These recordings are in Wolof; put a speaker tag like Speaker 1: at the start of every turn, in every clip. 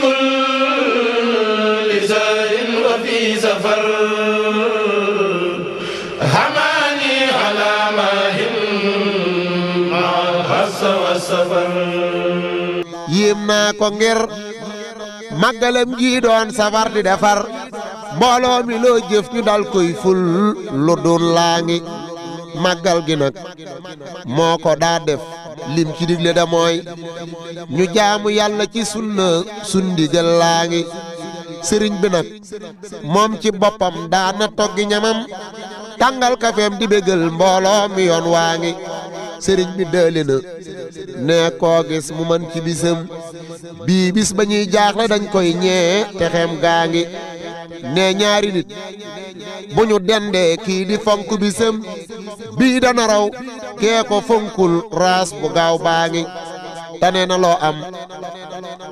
Speaker 1: kulli zarin naa ko ngir màggalam gi doon safar di defar mbooloo mi loo jëf ñu dal koy ful lu doon laa ngi màggal gi nag moo ko daa def lim ci digle da ñu jaamu yàlla ci sunna sundigal laa ngi sëriñ bi nag moom ci boppam daana toggi ñamam tàngal kafeem di bégal mbooloo mi yoon waa ngi sëriñ bi dëli na koo gis mu man ci bisam bii bis ba ñuy jaaxle dañ koy ñee texeem gaa ngi ne ñaari nit bu ñu dendee kii di fonk bisam bii dana raw kee ko fonkul raas bu gaaw baa ngi tane na loo am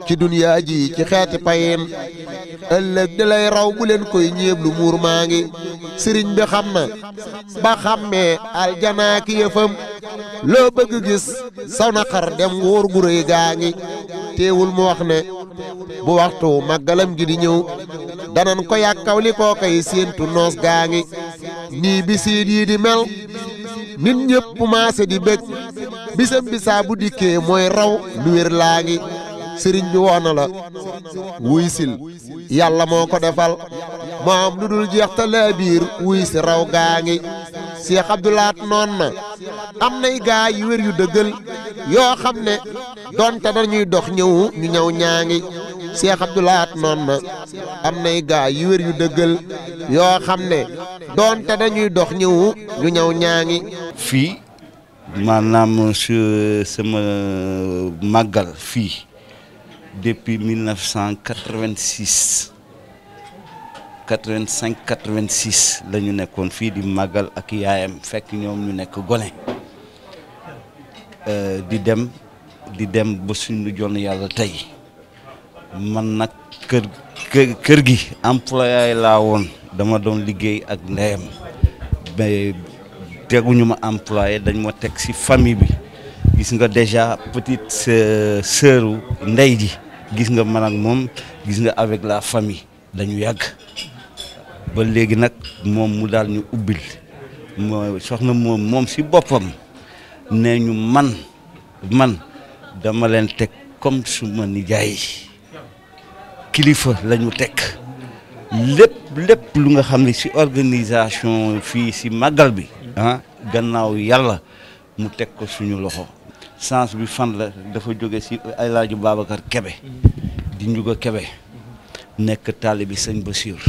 Speaker 1: ci duniyaa ji ci xeeti payin ëllëg di lay raw bu leen koy ñeeblu muur maa ngi sëriñ bi xam na ba xàmmee aljanaa ki yëfam loo bëgg gis saw na dem wóor gu rëy gaa ngi teewul mu wax ne bu waxtu màggalam gi di ñëw danan ko yàkkaw li koo séentu noos gaa ngi nii bisiin yii di mel nit ñépp maase di bég bisam bisaa bu dikkee mooy raw lu wér laa ngi sëriñ bi woo na la wuy sil yàlla moo ko defal moo am lu dul jeex te laa biir wuy si raw gaa ngi Cheikh Abdoulaat noon na am nay gaa yu wér yu dëggal yoo xam ne doonte dañuy dox ñëwu ñu ñaa ngi Cheikh Abdou Lahad noonu na am nay gaa yu wér yu dëggal yoo xam ne doonte dañuy dox ñëwu ñu ñëw ñaangi fii
Speaker 2: maanaam sama màggal fii depuis 1986 85 86 la ñu nekkoon di magal ak yaayam fekk ñoom ñu nekk gone euh, di dem di dem ba suñu jonn yàlla tey man nag kër kër gi employé laa woon dama doon liggéey ak ndeyam mais teguñu ma employé dañ ma teg si famille bi gis nga déjà petite sœuru ndey ji gis nga man ak moom gis nga avec la famille dañu yàgg ba léegi nag moom mu daal ñu ubbil moo soxna moom moom si boppam nee ñu man man dama leen teg comme suma ma nijaay kilifa la ñu teg lépp lépp lu nga xam ne ci organisation fii si màggal bi ah gannaaw yàlla mu teg ko suñu loxo sens bi fan la dafa jóge ci El Hadj Babacar Kebe di Ndiouga Kebe nekk taalibi sëñ Basiir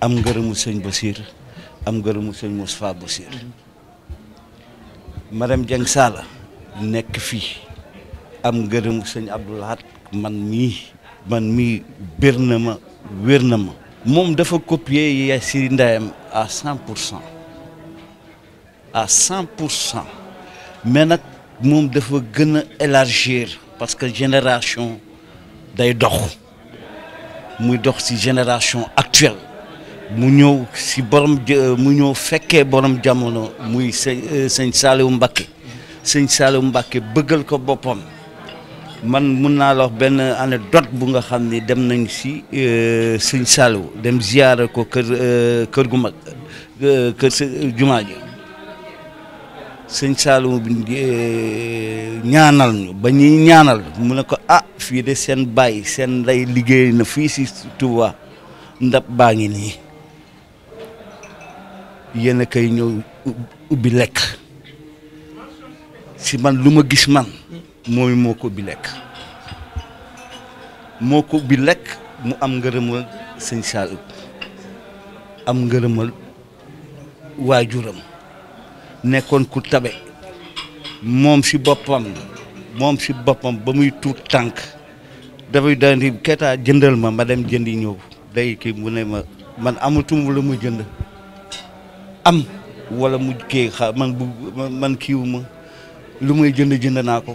Speaker 2: am ngërëmu sëñ Basiir am ngërëmu sëñ Moustapha Basiir madame Dieng Sala nekk fii am ngërëmu sëñ Abdoulahat man mii man mi birnama na mom dafa copier yassir Ndayam à 100%, à 100%. mais nak mom dafa gën élargir parce que génération day dox muy dox ci génération actuelle mu ñew ci borom mu ñew fekkee borom jamono muy seigne euh, sëñ Mbacké seigne Saliou Mbacké bëggal ko bopom man mun naa la wax benn anecdote bu nga xam ni dem nañu si euh, sëñ Saliou dem ziyaara ko kër euh, kër gu mag euh, kër sa jumaa ji sëñ Saliou ñaanal ñu ba ñuy ñaanal mu ne ko ah fii de seen bàyyi seen lay liggéey na fii si Touba ndab baa ngi nii yéen a koy ñëw ubbi lekk si man lu ma gis man moom moo ko bi lekk moo ko bi lekk mu am ngërëmal sëñ Saliou am ngërëmal waajuram nekkoon ku tabe moom si boppam moom si boppam ba muy tuut tànk dafay daan di ketaa jëndal ma ma dem jëndi ñëw day kii mu ne ma man amatum la mu jënd am wala mu kii xa man bu man kiiwu ma lu may jënd jënd naa ko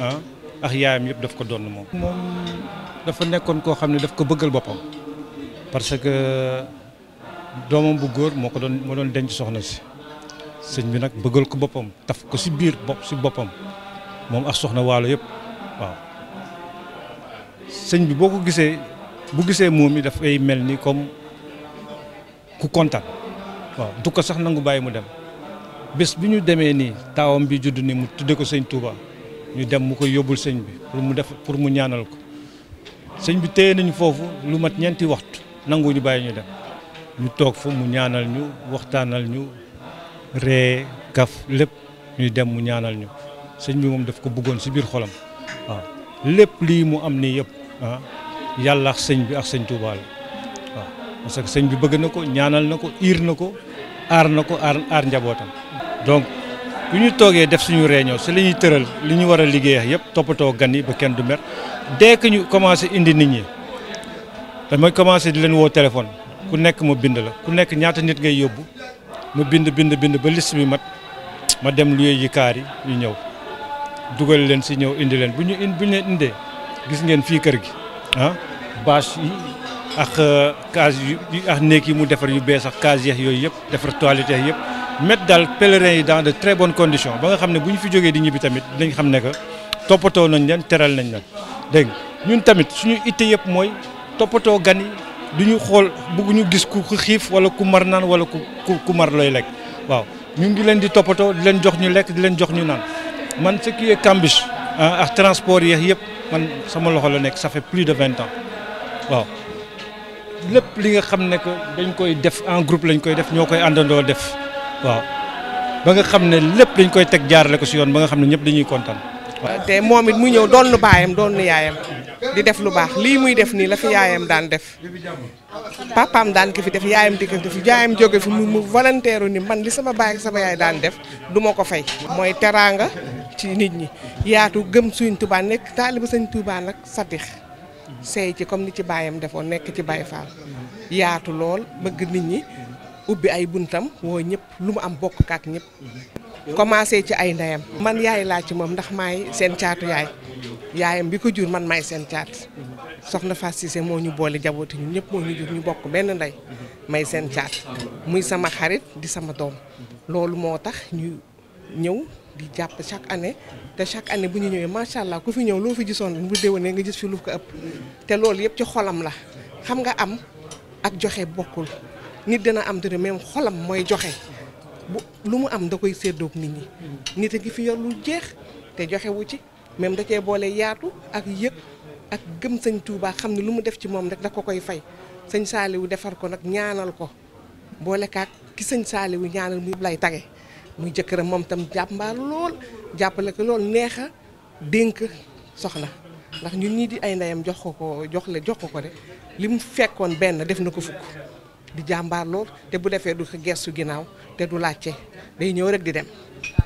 Speaker 3: ah ak yaayam yëpp daf ko doon moom. moom dafa nekkoon koo xam ne daf ko bëggal boppam parce que doomam bu góor moo ko doon moo doon denc soxna si sëñ bi nag bëggal ko boppam taf ko si biir bopp si boppam moom ak soxna waalo yëpp waaw sëñ bi boo ko gisee bu gisee moom yi dafay mel ni comme ku kontaan waaw du ko sax nangu bàyyi mu dem bés bi ñu demee nii taawam bi judd ni mu tuddee ko sëñ Touba. ñu dem mu ko yóbbul sëñ bi pour mu def pour mu ñaanal ko sëñ bi téye nañu foofu lu mat ñeenti waxtu nangu ñu bàyyi ñu dem ñu toog fa mu ñaanal ñu waxtaanal ñu ree kaf lépp ñuy dem mu ñaanal ñu sëñ bi moom daf ko buggoon si biir xolam waaw lépp lii mu am nii yëpp ah, yàlla ak sëñ bi ak sëñ Tuubaa la waaw parce que sëñ bi bëgg na ko ñaanal na ko iir na ko aar na ko aar njabootam bu ñu def suñu réunion ci li teural liñu wara liggéey yépp topato gan ba kenn du mer dès que ñu commencé indi nit ñi damay commencé di leen wo téléphone ku nekk mo bind la ku nekk ñaata nit ngay yobbu ma bind bind bind ba liste bi mat ma dem lu yi kaar ñu ñew duggal leen ci ñew indi leen buñu indi buñu leen indé gis ngeen fi kër gi ah bâche yi ak euh, case yi ak néeg yi mu défar yu bees ak case ak yoy yépp défar toilette yépp mettre daal pèlerins yi dans de très bonnes conditions ba nga xamné ne fi joggé di ñibi tamit dinañ xam ne que toppatoo nañ leen téral nañ leen dégg ñun tamit suñu ité yépp moy toppatoo gani duñu xol ñu ñu gis ku xif wala ku mar naan wala ku ku mar loy lek waaw ñu ngi leen di toppatoo di leen jox ñu lek di leen jox ñu nan man ce qui est cambiche hein, ak transport yeex yëpp man sama loxo la nek ça fait plus de 20 ans waaw lepp li nga xam ne que dañ koy def en groupe lañ koy def ñoo koy àndandoo def. waaw ba nga xam ne lépp dañ koy teg jaarale ko si yoon ba nga xam ne ñëpp dañuy kontaan.
Speaker 4: te moom it mu ñëw doon nu baayam doon nu yaayam di def lu baax lii muy def nii la fi yaayam daan def papaam daan ki fi def yaayam di ko fi yaayam jóge fi mu mu volontaire ni man li sama baay ak sama yaay daan def duma ko fay. mooy teraanga ci nit ñi yaatu gëm suñ Tuubaa nekk taaliba sañ Tuubaa nag satix seey ci comme ni ci baayam defoon nekk ci Baay Faal yaatu lool bëgg ñi. ubbi ay buntam woo ñëpp lu mu am bokk kaak ñëpp commencé ci ay ndeyam man yaay laa ci moom ndax maay seen caatu yaay yaayam bi ko jur man maay seen caat soxna Fass Cissé moo ñu boole jabooti ñu ñëpp moo ñu jur ñu bokk benn ndey may seen caat muy sama xarit di sama doom loolu moo tax ñu ñëw di jàpp chaque année te chaque année bu ñu ñëwee macha allah ku fi ñëw loo fi gisoon bu déwénee nga gis fi lu ko ëpp te loolu yëpp ci xolam la xam nga am ak joxe bokkul nit dina am dara même xolam mooy joxe bu lu mu am da koy séddoog nit ñi nit a ngi fi yor lu jeex te joxewu ci même da cee boole yaatu ak yëg ak gëm sëñ Touba xam ne lu mu def ci moom rek da ko koy fay sëñ Saaliwu defar ko nag ñaanal ko boole ki sëñ Saaliwu ñaanal muy lay tage muy jëkkëram moom tam jàmbaar lool jàppale ko neex dénk soxna ndax ñun ñii di ay ndeyam jox ko ko jox le jox ko ko de li mu fekkoon benn def na ko fukk di jambar lool te bu defé du gessu ginaaw te du laccé day ñëw rek di dem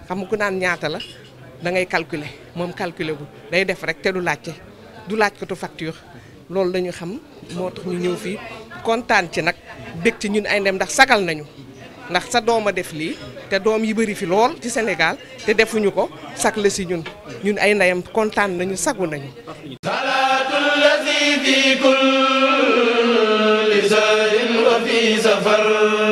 Speaker 4: xam ku naan ñaata la da ngay calculer mom calculer bu day def rek te du laccé du lacc ko tu facture lool lañu xam moo tax ñu ñëw fi contane ci nak bekk ci ñun ay ndem ndax sagal nañu ndax sa dooma def li te doom yi bari fi lool ci Sénégal te defuñu ko sak la si ñun ñun ay ndayam contane nañu sagu nañu.
Speaker 1: safar